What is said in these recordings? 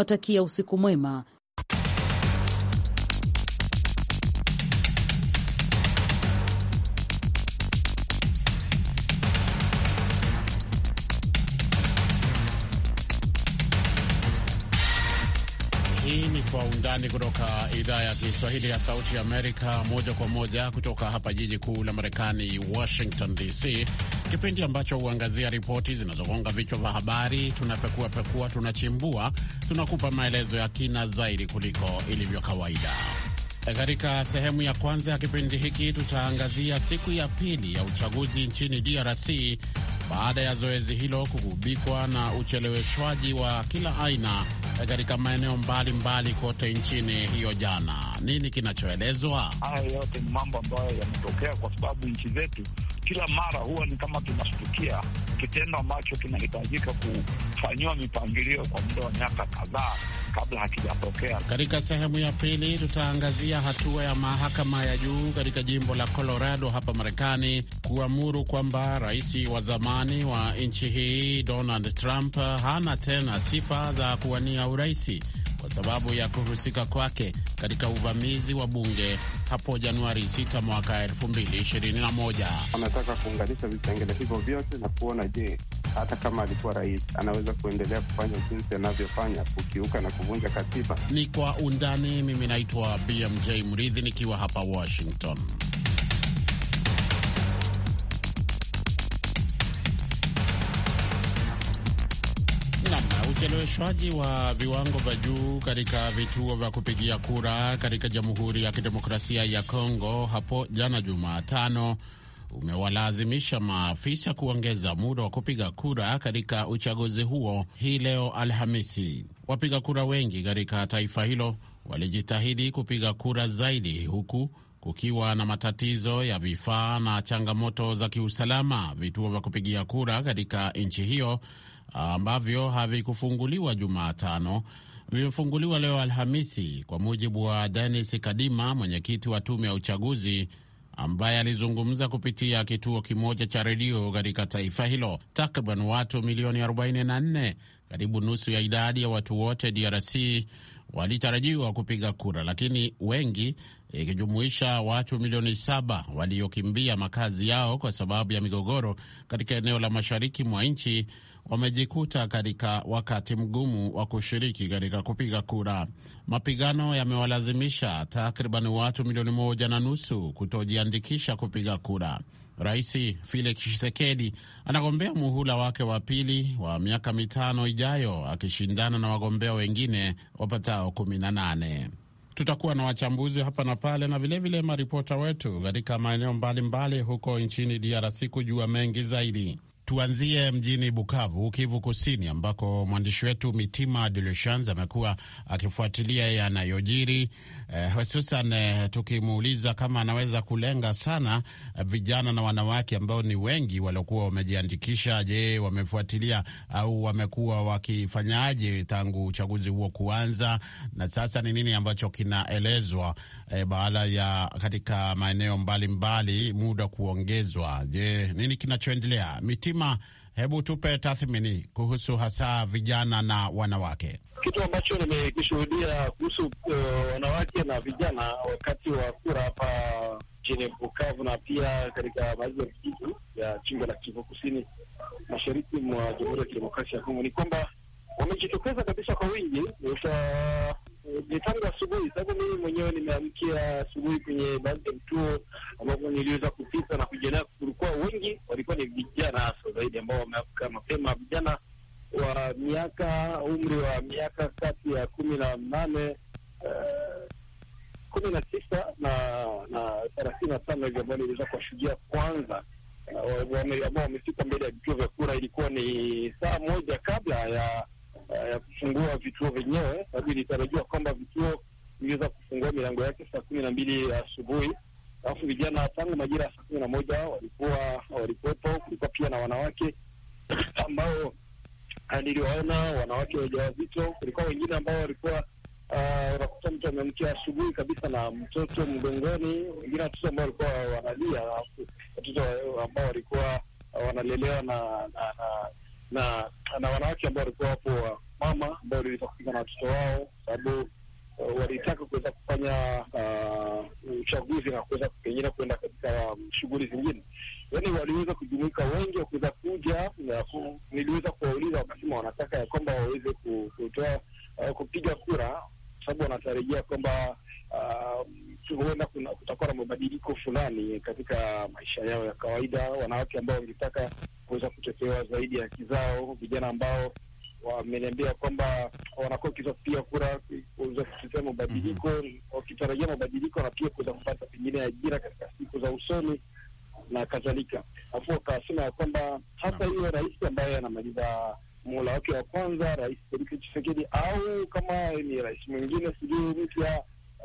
watakia usiku mwema Kwa Undani kutoka idhaa ya Kiswahili ya Sauti Amerika, moja kwa moja kutoka hapa jiji kuu la Marekani, Washington DC, kipindi ambacho huangazia ripoti zinazogonga vichwa vya habari. Tunapekuapekua, tunachimbua, tunakupa maelezo ya kina zaidi kuliko ilivyo kawaida. Katika sehemu ya kwanza ya kipindi hiki, tutaangazia siku ya pili ya uchaguzi nchini DRC baada ya zoezi hilo kugubikwa na ucheleweshwaji wa kila aina katika maeneo mbalimbali kote nchini hiyo jana. Nini kinachoelezwa? Haya yote ni mambo ambayo yametokea kwa sababu nchi zetu kila mara huwa ni kama tunashtukia kitendo ambacho kinahitajika kufanyiwa mipangilio kwa muda wa miaka kadhaa kabla hakijatokea. Katika sehemu ya pili, tutaangazia hatua ya mahakama ya juu katika jimbo la Colorado hapa Marekani kuamuru kwamba rais wa zamani wa nchi hii Donald Trump hana tena sifa za kuwania uraisi kwa sababu ya kuhusika kwake katika uvamizi wa bunge hapo Januari 6 mwaka 2021. anataka kuunganisha vipengele hivyo vyote na kuona, je, hata kama alikuwa rais anaweza kuendelea kufanya jinsi anavyofanya kukiuka na kuvunja katiba. Ni kwa undani. Mimi naitwa BMJ Mridhi nikiwa hapa Washington. Ucheleweshwaji wa viwango vya juu katika vituo vya kupigia kura katika Jamhuri ya Kidemokrasia ya Kongo hapo jana Jumatano umewalazimisha maafisa kuongeza muda wa kupiga kura katika uchaguzi huo hii leo Alhamisi. Wapiga kura wengi katika taifa hilo walijitahidi kupiga kura zaidi huku kukiwa na matatizo ya vifaa na changamoto za kiusalama. Vituo vya kupigia kura katika nchi hiyo ambavyo havikufunguliwa Jumatano vimefunguliwa leo Alhamisi, kwa mujibu wa Denis Kadima, mwenyekiti wa tume ya uchaguzi ambaye alizungumza kupitia kituo kimoja cha redio katika taifa hilo. Takriban watu milioni 44, karibu nusu ya idadi ya watu wote DRC, walitarajiwa kupiga kura, lakini wengi, ikijumuisha watu milioni saba waliokimbia makazi yao kwa sababu ya migogoro katika eneo la mashariki mwa nchi wamejikuta katika wakati mgumu wa kushiriki katika kupiga kura. Mapigano yamewalazimisha takriban watu milioni moja na nusu kutojiandikisha kupiga kura. Rais Felix Tshisekedi anagombea muhula wake wa pili wa miaka mitano ijayo akishindana na wagombea wengine wapatao kumi na nane. Tutakuwa na wachambuzi hapa na pale na vilevile maripota wetu katika maeneo mbalimbali huko nchini DRC kujua mengi zaidi. Tuanzie mjini Bukavu, Kivu Kusini, ambako mwandishi wetu Mitima De Lechans amekuwa akifuatilia yanayojiri eh, hususan eh, tukimuuliza kama anaweza kulenga sana eh, vijana na wanawake ambao ni wengi waliokuwa wamejiandikisha. Je, wamefuatilia au wamekuwa wakifanyaje tangu uchaguzi huo kuanza, na sasa ni nini ambacho kinaelezwa eh, baada ya katika maeneo mbalimbali mbali, muda kuongezwa. Je, nini kinachoendelea? Mitima, hebu tupe tathmini kuhusu hasa vijana na wanawake. Kitu ambacho nimekishuhudia kuhusu uh, wanawake na vijana wakati wa kura hapa chini Bukavu na pia katika baadhi ya vijiji ya jimbo la Kivu Kusini, mashariki mwa Jamhuri ya Kidemokrasia ya Kongo ni kwamba wamejitokeza kabisa kwa wingi ni eh, eh, tangu asubuhi, sababu mimi mwenyewe nimeamkia asubuhi kwenye baadhi ya vituo ambapo niliweza kupita na kujionea, kulikuwa wengi walikuwa ni vijana hasa zaidi ambao wameamka mapema, vijana wa miaka umri wa miaka kati ya kumi na nane eh, kumi na tisa na thelathini na tano hivi ambao niliweza kuwashuhudia kwanza ambao wamefika mbele ya vituo vya kura. Ilikuwa ni saa moja kabla ya ya kufungua vituo vyenyewe, sababu ilitarajiwa kwamba vituo viliweza kufungua milango yake saa kumi na mbili asubuhi. Alafu vijana tangu majira ya saa kumi na moja walikuwa walikuwepo. Kulikuwa pia na wanawake ambao ah, niliwaona, wanawake wajawazito. Kulikuwa wengine ambao walikuwa unakuta ah, uh, mtu amemkia asubuhi kabisa na mtoto mgongoni, wengine watoto ambao walikuwa wanalia, watoto ambao walikuwa wanalelewa na, na, na na na wanawake ambao walikuwa wapo wa mama ambao waliweza kufika na watoto wao, sababu uh, eh, walitaka kuweza kufanya uh, uchaguzi na kuweza pengine kuenda katika um, shughuli zingine, yani waliweza kujumuika wengi wakuweza kuja ku, niliweza kuwauliza wakasema wanataka ya kwamba waweze kutoa uh, kupiga kura, kwa sababu wanatarajia kwamba Um, huenda uh, kutakuwa na mabadiliko fulani katika maisha yao ya kawaida. Wanawake ambao wangetaka kuweza kutetewa zaidi ya haki zao, vijana ambao wameniambia kwamba wanakuwa wakiweza kupiga kura kuweza kutetea mabadiliko mm -hmm. wakitarajia mabadiliko na pia kuweza kupata pengine ajira katika siku za usoni na kadhalika. Alafu wakasema ya kwamba hata hiyo rais ambaye anamaliza muhula wake wa kwanza, Rais Felix Tshisekedi, au kama ni rais mwingine sijui mpya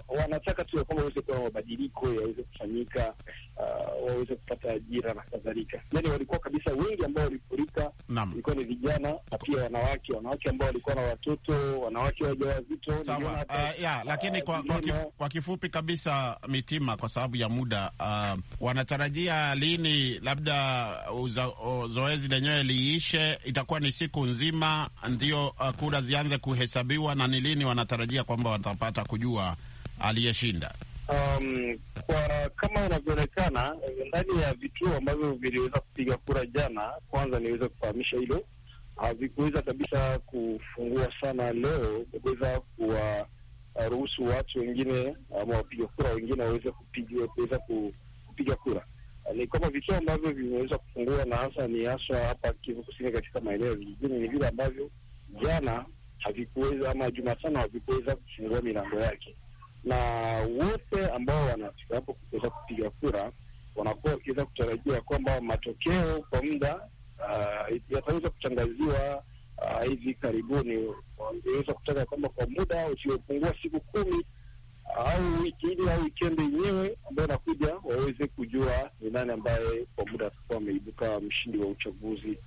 wanataka tu kwamba waweze kuwa mabadiliko yaweze kufanyika, uh, waweze kupata ajira na kadhalika. Yani walikuwa kabisa wengi ambao walifurika ilikuwa ni vijana na pia wanawake, wanawake ambao walikuwa na watoto, wanawake wajawazito. Sawa, uh, yeah, uh, lakini uh, kwa, kwa, kif, kwa kifupi kabisa Mitima, kwa sababu ya muda uh, wanatarajia lini labda uza, zoezi lenyewe liishe? Itakuwa ni siku nzima ndio uh, kura zianze kuhesabiwa na ni lini wanatarajia kwamba watapata kujua aliyeshinda? Um, kwa kama inavyoonekana eh, ndani ya vituo ambavyo viliweza kupiga kura jana, kwanza niweze kufahamisha hilo, havikuweza kabisa kufungua sana leo kuweza kuwaruhusu watu wengine ama wapiga kura wengine waweze kuweza kupiga kura. Ni kwamba vituo ambavyo vimeweza kufungua na hasa ni haswa hapa Kivu Kusini, katika maeneo ya vijijini, ni vile ambavyo jana havikuweza ama Jumatano havikuweza kufungua milango yake na wote ambao wanafika hapo kuweza kupiga kura wanakuwa wakiweza kutarajia kwamba matokeo kwa muda uh, yataweza kutangaziwa uh, hivi karibuni. Wangeweza kutaka kwamba kwa muda usiopungua siku kumi uh, au wiki ili au wikendi yenyewe ambayo inakuja waweze kujua ni nani ambaye kwa muda atakuwa ameibuka mshindi wa uchaguzi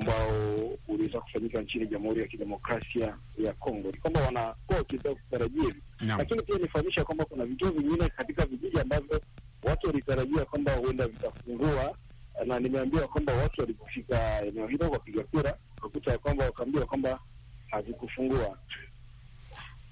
ambao uliweza kufanyika nchini Jamhuri ya Kidemokrasia ya Kongo, ni kwamba wanakuwa wakiweza kutarajia, lakini pia nifahamisha kwamba kuna vituo vingine katika vijiji ambavyo watu walitarajia kwamba huenda vitafungua, na nimeambiwa kwamba watu walipofika eneo hilo wapiga kura wakakuta ya kwamba wakaambiwa kwamba havikufungua.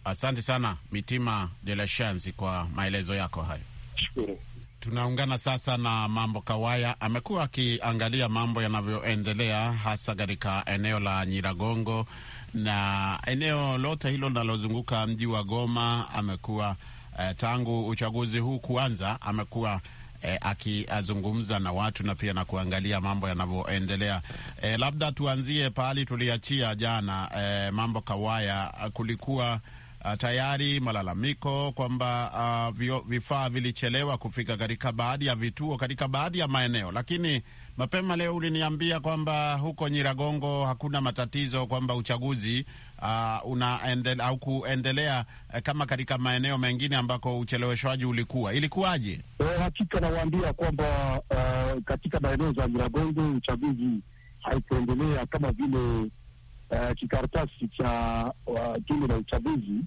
Asante sana Mitima de la Shansi kwa maelezo yako hayo, shukuru. Tunaungana sasa na Mambo Kawaya, amekuwa akiangalia mambo yanavyoendelea hasa katika eneo la Nyiragongo na eneo lote hilo linalozunguka mji wa Goma. Amekuwa eh, tangu uchaguzi huu kuanza, amekuwa eh, akizungumza na watu na pia na kuangalia mambo yanavyoendelea. Eh, labda tuanzie pahali tuliachia jana. Eh, Mambo Kawaya, kulikuwa uh, tayari malalamiko kwamba uh, vifaa vilichelewa kufika katika baadhi ya vituo katika baadhi ya maeneo, lakini mapema leo uliniambia kwamba huko Nyiragongo hakuna matatizo, kwamba uchaguzi uh, ah, unaendelea au kuendelea eh, kama katika maeneo mengine ambako ucheleweshwaji ulikuwa. Ilikuwaje? Eh, hakika nawaambia kwamba uh, katika maeneo za Nyiragongo uchaguzi haikuendelea kama vile uh, kikaratasi cha uh, tume la uchaguzi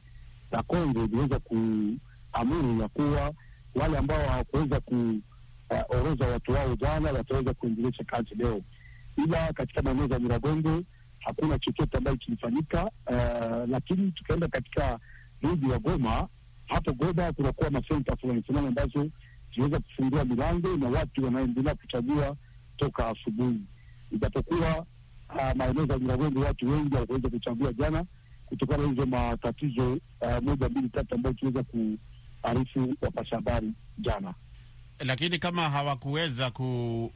la Kongo iliweza kuamuru ya kuwa wale ambao hawakuweza kuoroza eh, uh, watu wao jana wataweza kuendelesha kazi leo, ila katika maeneo za Nyiragongo hakuna chochote ambayo kilifanyika. Uh, lakini tukaenda katika mji wa Goma. Hapo Goma kunakuwa masenta fulani fulani ambazo ziweza kufungua milango na watu wanaendelea kuchagua toka asubuhi, ijapokuwa Ah, maeneo za Nyiragongo watu wengi hawakuweza kuchambua jana kutokana na hizo matatizo uh, moja mbili tatu ambayo tuliweza kuarifu wapasha habari jana. Lakini kama hawakuweza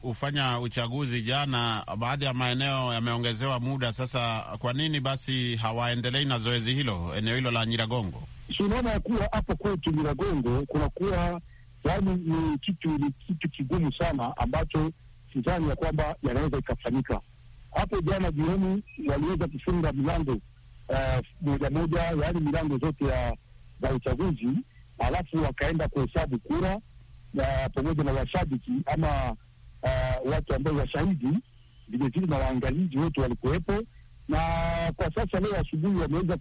kufanya uchaguzi jana, baadhi ya maeneo yameongezewa muda sasa. Kwa nini basi hawaendelei na zoezi hilo eneo hilo la Nyiragongo? Si unaona ya kuwa hapo kwetu Nyiragongo kunakuwa yani ni kitu ni kitu kigumu sana ambacho sidhani ya kwamba yanaweza ikafanyika hapo jana jioni waliweza kufunga milango eh, moja moja, yaani milango zote za uchaguzi, alafu wakaenda kuhesabu kura pamoja na washabiki ama uh, watu ambao washahidi vilevile na waangalizi wote walikuwepo, na kwa sasa leo asubuhi wameweza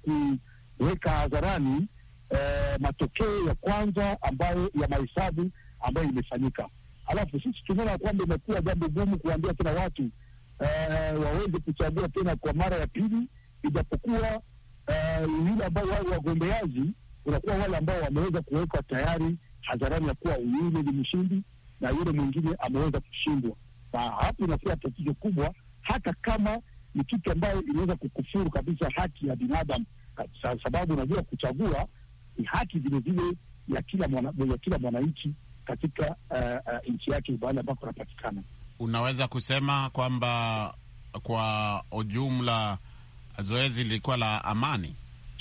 kuweka hadharani uh, matokeo ya kwanza ambayo ya mahesabu ambayo imefanyika. Alafu sisi tumeona kwamba imekuwa jambo gumu kuambia tena watu Eh, waweze kuchagua tena kwa mara ya pili, ijapokuwa uh, yule ambao wao wagombeaji unakuwa wale ambao wameweza kuwekwa tayari hadharani ya kuwa yule ni mshindi na yule mwingine ameweza kushindwa, na hapo inakuwa tatizo kubwa, hata kama ni kitu ambayo inaweza kukufuru kabisa haki ya binadamu, sababu unajua kuchagua ni haki vilevile ya kila mwananchi katika uh, uh, nchi yake, pahali ambako anapatikana unaweza kusema kwamba kwa ujumla zoezi lilikuwa la amani?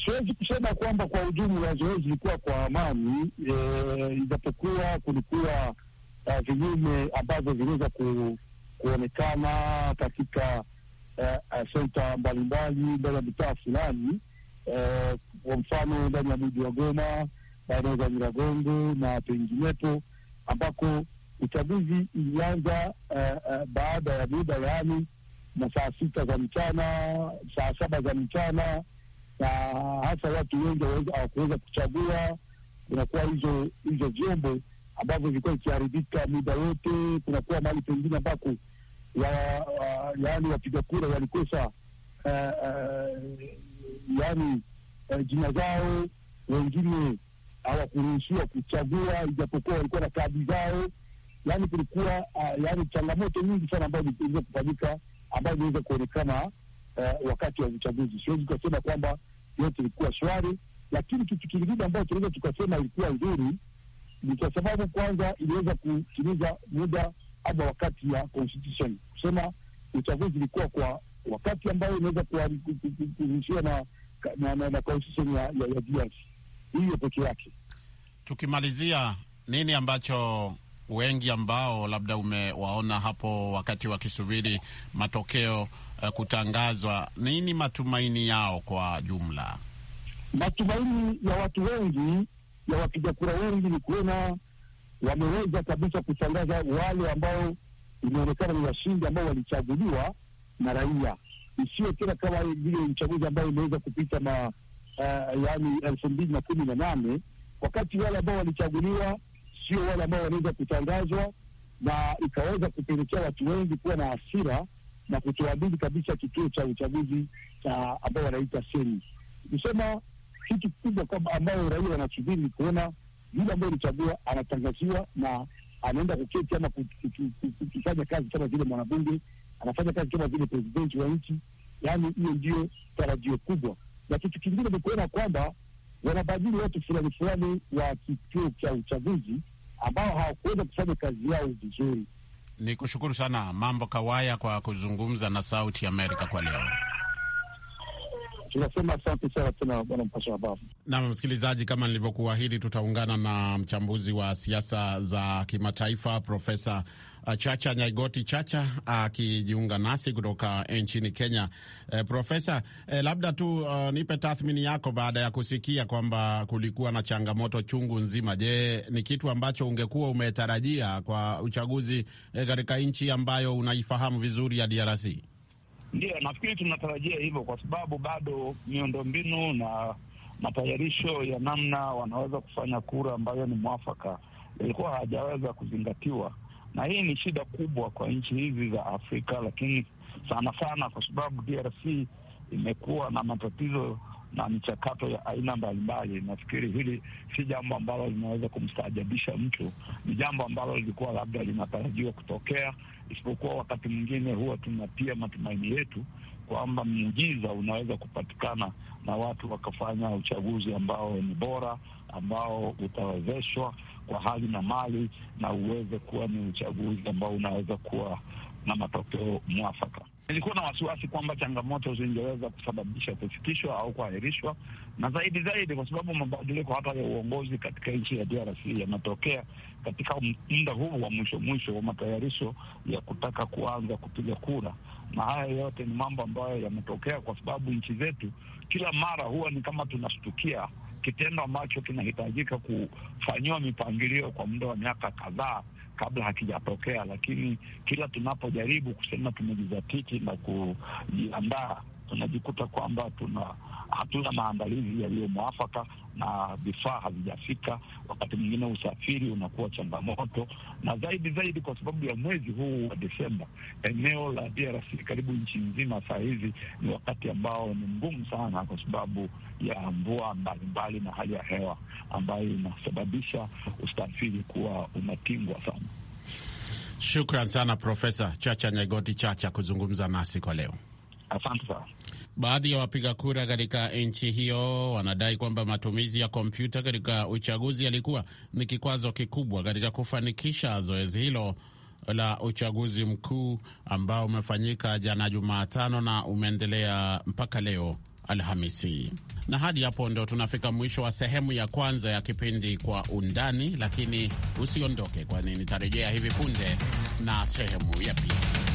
Siwezi kusema kwamba kwa ujumla zoezi lilikuwa kwa amani e, ijapokuwa kulikuwa uh, vinyume ambavyo viliweza ku, kuonekana katika uh, e, e, senta mbalimbali ndani ya mitaa fulani uh, kwa mfano ndani ya mji wa Goma, maeneo za Nyiragongo na penginepo ambako uchaguzi ilianza uh, eh, uh, eh, baada ya muda, yaani na saa sita za mchana, saa saba za mchana, na hasa watu wengi hawakuweza kuchagua. Kunakuwa hizo hizo vyombo ambavyo vilikuwa ikiharibika muda wote. Kunakuwa mahali pengine ambako yaani wapiga kura walikosa uh, uh, yaani uh, jina zao, wengine hawakuruhusiwa kuchagua ijapokuwa walikuwa na kadi zao yani kulikuwa uh, yani changamoto nyingi sana ambazo ziliweza kufanyika ambazo ziliweza kuonekana uh, wakati wa uchaguzi. Siwezi tukasema kwamba yote ilikuwa shwari, lakini kitu kingine ambayo tunaweza tukasema ilikuwa nzuri ni kwa sababu kwanza iliweza kutimiza muda ama wakati ya constitution kusema uchaguzi ilikuwa kwa wakati ambayo inaweza kuruhusiwa na, na, na, na constitution ya, ya, ya DRC hiyo peke yake. Tukimalizia nini ambacho wengi ambao labda umewaona hapo wakati wakisubiri matokeo uh, kutangazwa, nini matumaini yao kwa jumla? Matumaini ya watu wengi, ya wapiga kura wengi ni kuona wameweza kabisa kutangaza wale ambao imeonekana ni washindi ambao walichaguliwa na raia, isiyo tena kama vile uchaguzi ambao imeweza kupita ma, uh, eh, yaani elfu mbili na kumi na nane wakati wale ambao walichaguliwa sio wale ambao wanaweza kutangazwa, na ikaweza kupelekea watu wengi kuwa na hasira na kutoamini kabisa kituo cha uchaguzi cha ambao wanaita seni. Kusema kitu kikubwa kama ambayo raia wanasubiri ni kuona yule ambayo ilichagua anatangaziwa na anaenda kuketi ama kufanya kazi kama vile mwanabunge, anafanya kazi kama vile presidenti wa nchi. Yaani hiyo ndio tarajio kubwa, na kitu kingine ni kuona kwamba wanabadili watu fulani fulani wa kituo cha uchaguzi ambao hawakuweza kufanya kazi yao vizuri. Ni kushukuru sana Mambo Kawaya kwa kuzungumza na Sauti Amerika kwa leo tunasema asante sana tena bwana mpasha habari. Naam, msikilizaji, kama nilivyokuahidi, tutaungana na mchambuzi wa siasa za kimataifa Profesa uh, Chacha Nyaigoti Chacha akijiunga nasi kutoka uh, nchini Kenya. E, Profesa, e, labda tu uh, nipe tathmini yako baada ya kusikia kwamba kulikuwa na changamoto chungu nzima. Je, ni kitu ambacho ungekuwa umetarajia kwa uchaguzi katika e, nchi ambayo unaifahamu vizuri ya DRC? Ndio, nafikiri tunatarajia hivyo, kwa sababu bado miundombinu na matayarisho ya namna wanaweza kufanya kura ambayo ni mwafaka ilikuwa hawajaweza kuzingatiwa, na hii ni shida kubwa kwa nchi hizi za Afrika, lakini sana sana kwa sababu DRC imekuwa na matatizo na michakato ya aina mbalimbali. Nafikiri hili si jambo ambalo linaweza kumstaajabisha mtu, ni jambo ambalo lilikuwa labda linatarajiwa kutokea, isipokuwa wakati mwingine huwa tunatia matumaini yetu kwamba miujiza unaweza kupatikana na watu wakafanya uchaguzi ambao ni bora, ambao utawezeshwa kwa hali na mali, na uweze kuwa ni uchaguzi ambao unaweza kuwa na matokeo mwafaka. Nilikuwa na wasiwasi kwamba changamoto zingeweza kusababisha kusitishwa au kuahirishwa, na zaidi zaidi, kwa sababu mabadiliko hata ya uongozi katika nchi ya DRC yanatokea katika muda huu wa mwisho mwisho wa matayarisho ya kutaka kuanza kupiga kura, na haya yote ni mambo ambayo yametokea kwa sababu nchi zetu kila mara huwa ni kama tunashtukia kitendo ambacho kinahitajika kufanyiwa mipangilio kwa muda wa miaka kadhaa kabla hakijatokea, lakini kila tunapojaribu kusema tumejizatiti na kujiandaa tunajikuta kwamba tuna hatuna maandalizi yaliyo mwafaka na vifaa havijafika. Wakati mwingine usafiri unakuwa changamoto, na zaidi zaidi kwa sababu ya mwezi huu wa Desemba, eneo la DRC karibu nchi nzima saa hizi ni wakati ambao ni mgumu sana, kwa sababu ya mvua mbalimbali na hali ya hewa ambayo inasababisha usafiri kuwa unatingwa sana. Shukran sana Profesa Chacha Nyegoti Chacha kuzungumza nasi kwa leo. Asante sana. Baadhi ya wapiga kura katika nchi hiyo wanadai kwamba matumizi ya kompyuta katika uchaguzi yalikuwa ni kikwazo kikubwa katika kufanikisha zoezi hilo la uchaguzi mkuu ambao umefanyika jana Jumatano na umeendelea mpaka leo Alhamisi. Na hadi hapo ndo tunafika mwisho wa sehemu ya kwanza ya kipindi Kwa Undani, lakini usiondoke, kwani nitarejea hivi punde na sehemu ya pili.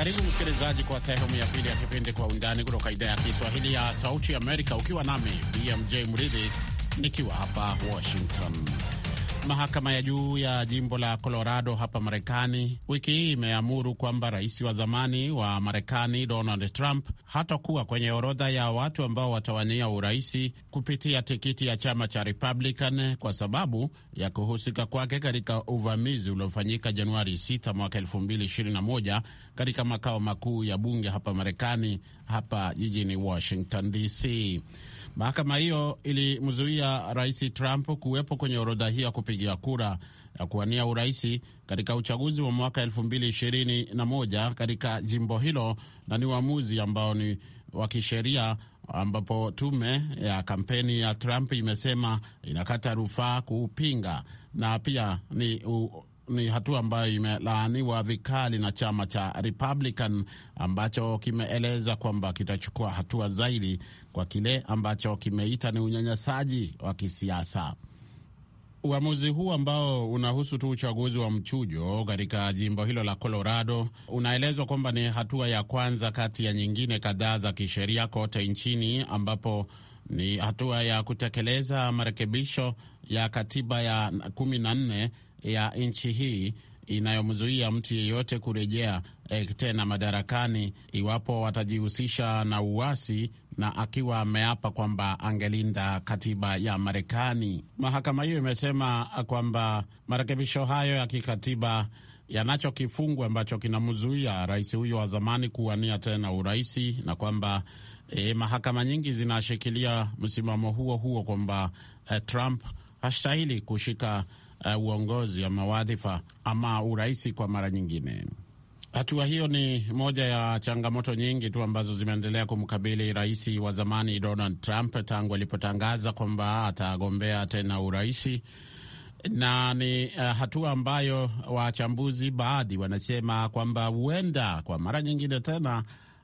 Karibu msikilizaji kwa sehemu ya pili ya kipindi Kwa Undani kutoka idhaa ya Kiswahili ya Sauti Amerika, ukiwa nami BMJ Mridhi nikiwa hapa Washington. Mahakama ya juu ya jimbo la Colorado hapa Marekani wiki hii imeamuru kwamba rais wa zamani wa Marekani Donald Trump hatakuwa kwenye orodha ya watu ambao watawania uraisi kupitia tikiti ya chama cha Republican kwa sababu ya kuhusika kwake katika uvamizi uliofanyika Januari 6 mwaka 2021 katika makao makuu ya bunge hapa Marekani, hapa jijini Washington DC. Mahakama hiyo ilimzuia Rais Trump kuwepo kwenye orodha hiyo ya kupigia kura ya kuwania uraisi katika uchaguzi wa mwaka 2021 katika jimbo hilo, na ni uamuzi ambao ni wa kisheria ambapo tume ya kampeni ya Trump imesema inakata rufaa kuupinga na pia ni u, ni hatua ambayo imelaaniwa vikali na chama cha Republican ambacho kimeeleza kwamba kitachukua hatua zaidi kwa kile ambacho kimeita ni unyanyasaji wa kisiasa. Uamuzi huu ambao unahusu tu uchaguzi wa mchujo katika jimbo hilo la Colorado unaelezwa kwamba ni hatua ya kwanza kati ya nyingine kadhaa za kisheria kote nchini, ambapo ni hatua ya kutekeleza marekebisho ya katiba ya kumi na nne ya nchi hii inayomzuia mtu yeyote kurejea eh, tena madarakani iwapo watajihusisha na uasi na akiwa ameapa kwamba angelinda katiba ya Marekani. Mahakama hiyo imesema kwamba marekebisho hayo ya kikatiba yanacho kifungu ambacho kinamzuia rais huyo wa zamani kuwania tena uraisi na kwamba eh, mahakama nyingi zinashikilia msimamo huo huo kwamba eh, Trump hastahili kushika uh, uongozi ama wadhifa ama uraisi kwa mara nyingine. Hatua hiyo ni moja ya changamoto nyingi tu ambazo zimeendelea kumkabili rais wa zamani Donald Trump tangu alipotangaza kwamba atagombea tena uraisi, na ni uh, hatua ambayo wachambuzi baadhi wanasema kwamba huenda kwa mara nyingine tena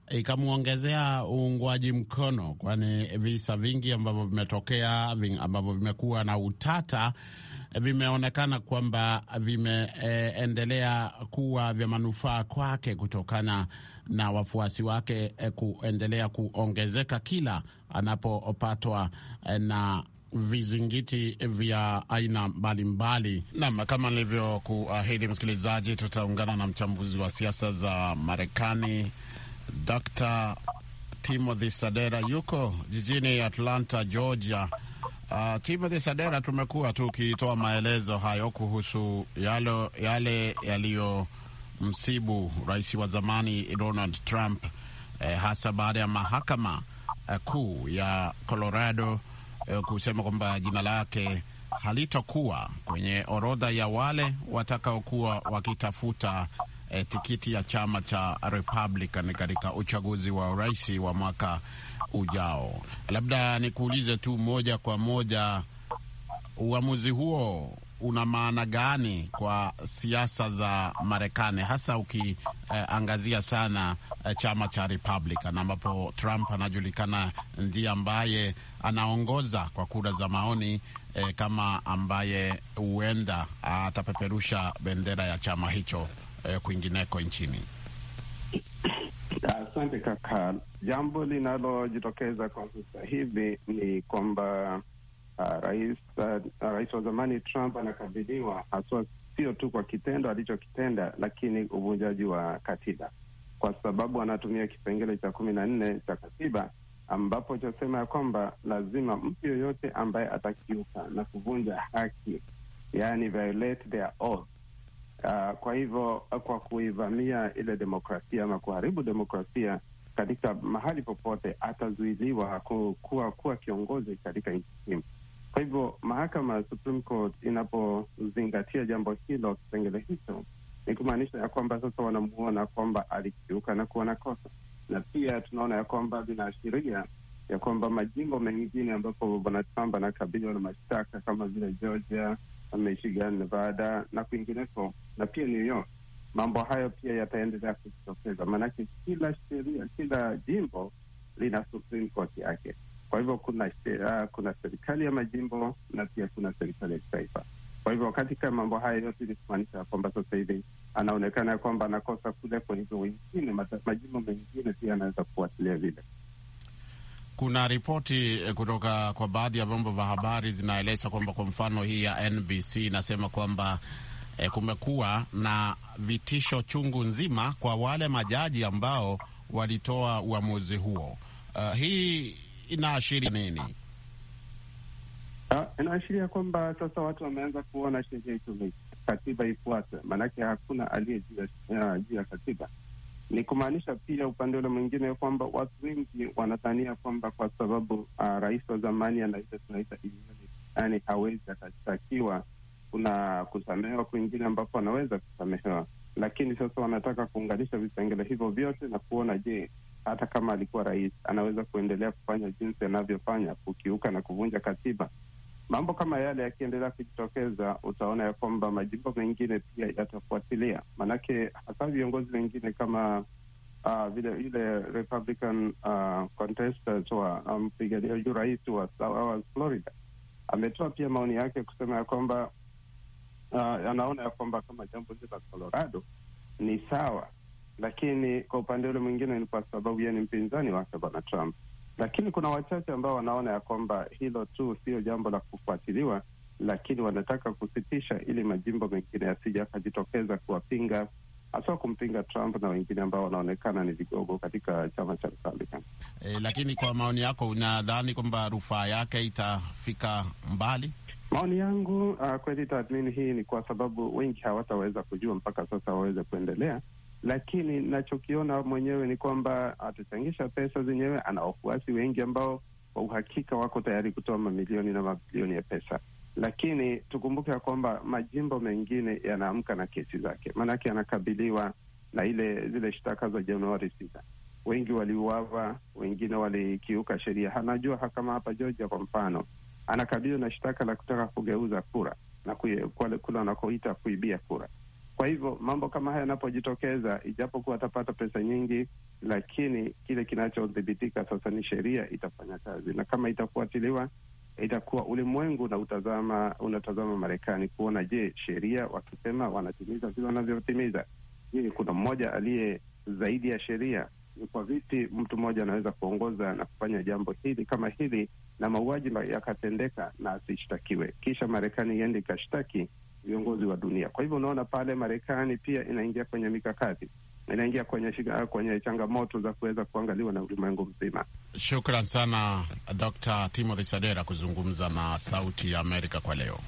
ikamwongezea uungwaji mkono, kwani visa vingi ambavyo vimetokea ambavyo vimekuwa na utata vimeonekana kwamba vimeendelea e, kuwa vya manufaa kwake kutokana na wafuasi wake e, kuendelea kuongezeka kila anapopatwa e, na vizingiti vya aina mbalimbali. Naam, kama nilivyokuahidi, msikilizaji, tutaungana na mchambuzi wa siasa za Marekani Dr. Timothy Sadera yuko jijini Atlanta, Georgia Uh, ah, Timothy Sadera, tumekuwa tukitoa maelezo hayo kuhusu yalo, yale yaliyomsibu rais wa zamani Donald Trump eh, hasa baada ya mahakama eh, kuu ya Colorado eh, kusema kwamba jina lake halitokuwa kwenye orodha ya wale watakaokuwa wakitafuta eh, tikiti ya chama cha Republican katika uchaguzi wa urais wa mwaka ujao. Labda nikuulize tu moja kwa moja, uamuzi huo una maana gani kwa siasa za Marekani, hasa ukiangazia eh, sana eh, chama cha Republican ambapo Trump anajulikana ndiye ambaye anaongoza kwa kura za maoni eh, kama ambaye huenda atapeperusha bendera ya chama hicho eh, kwingineko nchini. Asante kaka. Jambo linalojitokeza kwa sasa hivi ni kwamba uh, rais uh, rais wa zamani Trump anakabiliwa haswa, sio tu kwa kitendo alichokitenda, lakini uvunjaji wa katiba, kwa sababu anatumia kipengele cha kumi na nne cha katiba ambapo chasema ya kwamba lazima mtu yoyote ambaye atakiuka na kuvunja haki, yaani violate their oath Uh, kwa hivyo kwa kuivamia ile demokrasia ama kuharibu demokrasia katika mahali popote, atazuiliwa kuwa, kuwa kiongozi katika nchi hiyo. Kwa hivyo mahakama Supreme Court inapozingatia jambo hilo, kipengele hicho ni kumaanisha ya kwamba sasa wanamuona kwamba alikiuka na kuona kosa, na pia tunaona ya kwamba vinaashiria ya kwamba majimbo mengine ambapo bwana Trump anakabiliwa na mashtaka kama vile Georgia Michigan, Nevada na kwingineko na pia New York. Mambo hayo pia yataendelea kujitokeza, maanake kila sheria, kila jimbo lina Supreme Court yake. Kwa hivyo kuna ah, kuna serikali ya majimbo na pia kuna serikali ya kitaifa. Kwa hivyo katika mambo haya yote ni kumaanisha kwamba sasa hivi anaonekana ya kwamba anakosa kule. Kwa hivyo wengine, majimbo mengine pia anaweza kufuatilia vile kuna ripoti eh, kutoka kwa baadhi ya vyombo vya habari zinaeleza kwamba kwa mfano hii ya NBC inasema kwamba eh, kumekuwa na vitisho chungu nzima kwa wale majaji ambao walitoa uamuzi huo. Uh, hii inaashiria nini? Ah, inaashiria kwamba sasa watu wameanza kuona sheria itumike, katiba ifuate maanake hakuna aliye juu ya eh, katiba ni kumaanisha pia upande ule mwingine kwamba watu wengi wanadhania kwamba kwa sababu uh, rais wa zamani anaitwa tunaita yani hawezi akashtakiwa, kuna kusamehewa kwingine ambapo anaweza kusamehewa, lakini sasa wanataka kuunganisha vipengele hivyo vyote na kuona je, hata kama alikuwa rais anaweza kuendelea kufanya jinsi anavyofanya, kukiuka na kuvunja katiba Mambo kama yale yakiendelea kujitokeza, utaona ya kwamba majimbo mengine pia yatafuatilia, maanake hasa viongozi wengine kama uh, vile yule Republican uh, ah, contestant wa mpigania um, urais wa Florida ametoa pia maoni yake kusema ya kwamba uh, anaona ya kwamba kama jambo hili la Colorado ni sawa, lakini kwa upande ule mwingine ni kwa sababu yeye ni mpinzani wake Bwana Trump lakini kuna wachache ambao wanaona ya kwamba hilo tu sio jambo la kufuatiliwa, lakini wanataka kusitisha ili majimbo mengine yasija akajitokeza kuwapinga haswa kumpinga Trump na wengine ambao wanaonekana ni vigogo katika chama cha Republican. E, lakini kwa maoni yako unadhani kwamba rufaa yake itafika mbali? Maoni yangu uh, kweli tathmini hii ni kwa sababu wengi hawataweza kujua mpaka sasa waweze kuendelea lakini nachokiona mwenyewe ni kwamba atachangisha pesa zenyewe. Ana wafuasi wengi ambao kwa uhakika wako tayari kutoa mamilioni na mabilioni ya pesa, lakini tukumbuke ya kwamba majimbo mengine yanaamka na kesi zake, maanake yanakabiliwa na ile zile shtaka za Januari sita. Wengi waliuawa, wengine walikiuka sheria. Anajua kama hapa Georgia kwa mfano, anakabiliwa na shtaka la kutaka kugeuza kura na kule wanakoita kuibia kura kwa hivyo mambo kama haya yanapojitokeza, ijapokuwa atapata pesa nyingi, lakini kile kinachodhibitika sasa ni sheria itafanya kazi, na kama itafuatiliwa itakuwa ulimwengu unatazama unatazama Marekani kuona, je, sheria wakisema wanatimiza vile wanavyotimiza? Je, kuna mmoja aliye zaidi ya sheria? Ni kwa vipi mtu mmoja anaweza kuongoza na kufanya jambo hili kama hili na mauaji yakatendeka na asishtakiwe, kisha Marekani iende ikashtaki viongozi wa dunia. Kwa hivyo unaona pale Marekani pia inaingia kwenye mikakati inaingia kwenye shiga, kwenye changamoto za kuweza kuangaliwa na ulimwengu mzima. Shukran sana Dr. Timothy Sadera kuzungumza na Sauti ya Amerika kwa leo.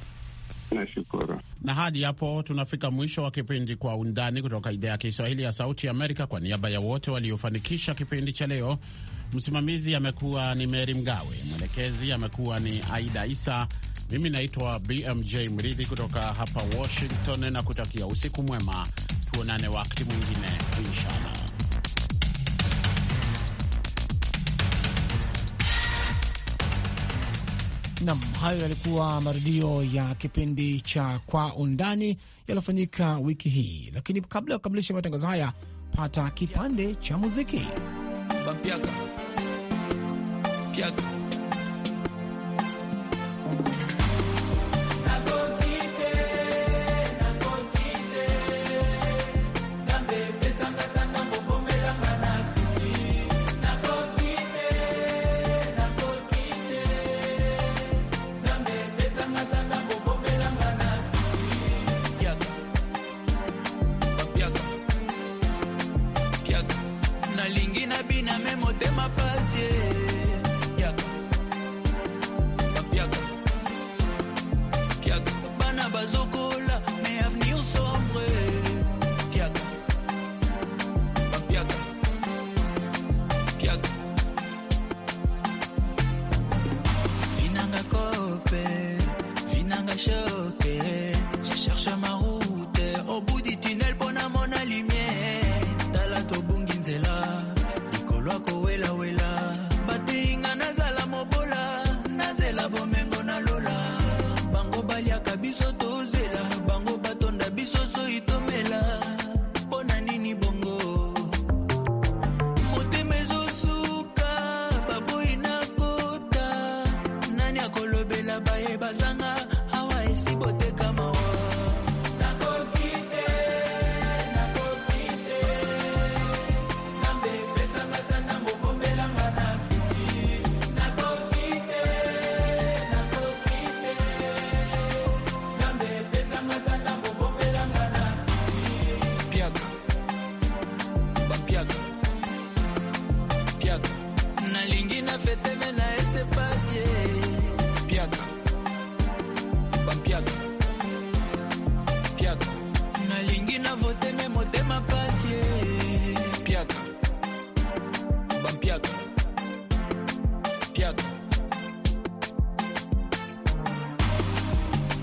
Nashukuru. Na hadi hapo tunafika mwisho wa kipindi Kwa Undani kutoka idhaa ya Kiswahili ya Sauti ya Amerika. Kwa niaba ya wote waliofanikisha kipindi cha leo, msimamizi amekuwa ni Meri Mgawe, mwelekezi amekuwa ni Aida Isa. Mimi naitwa BMJ Mridhi kutoka hapa Washington na kutakia usiku mwema. Tuonane wakati mwingine inshallah. Nam, hayo yalikuwa marudio ya kipindi cha Kwa Undani yaliyofanyika wiki hii, lakini kabla ya kukamilisha matangazo haya, pata kipande cha muziki Bampiaga. Piaga. show. na este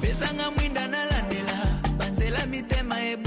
Pesa nga mwinda nalandela banzela mitema e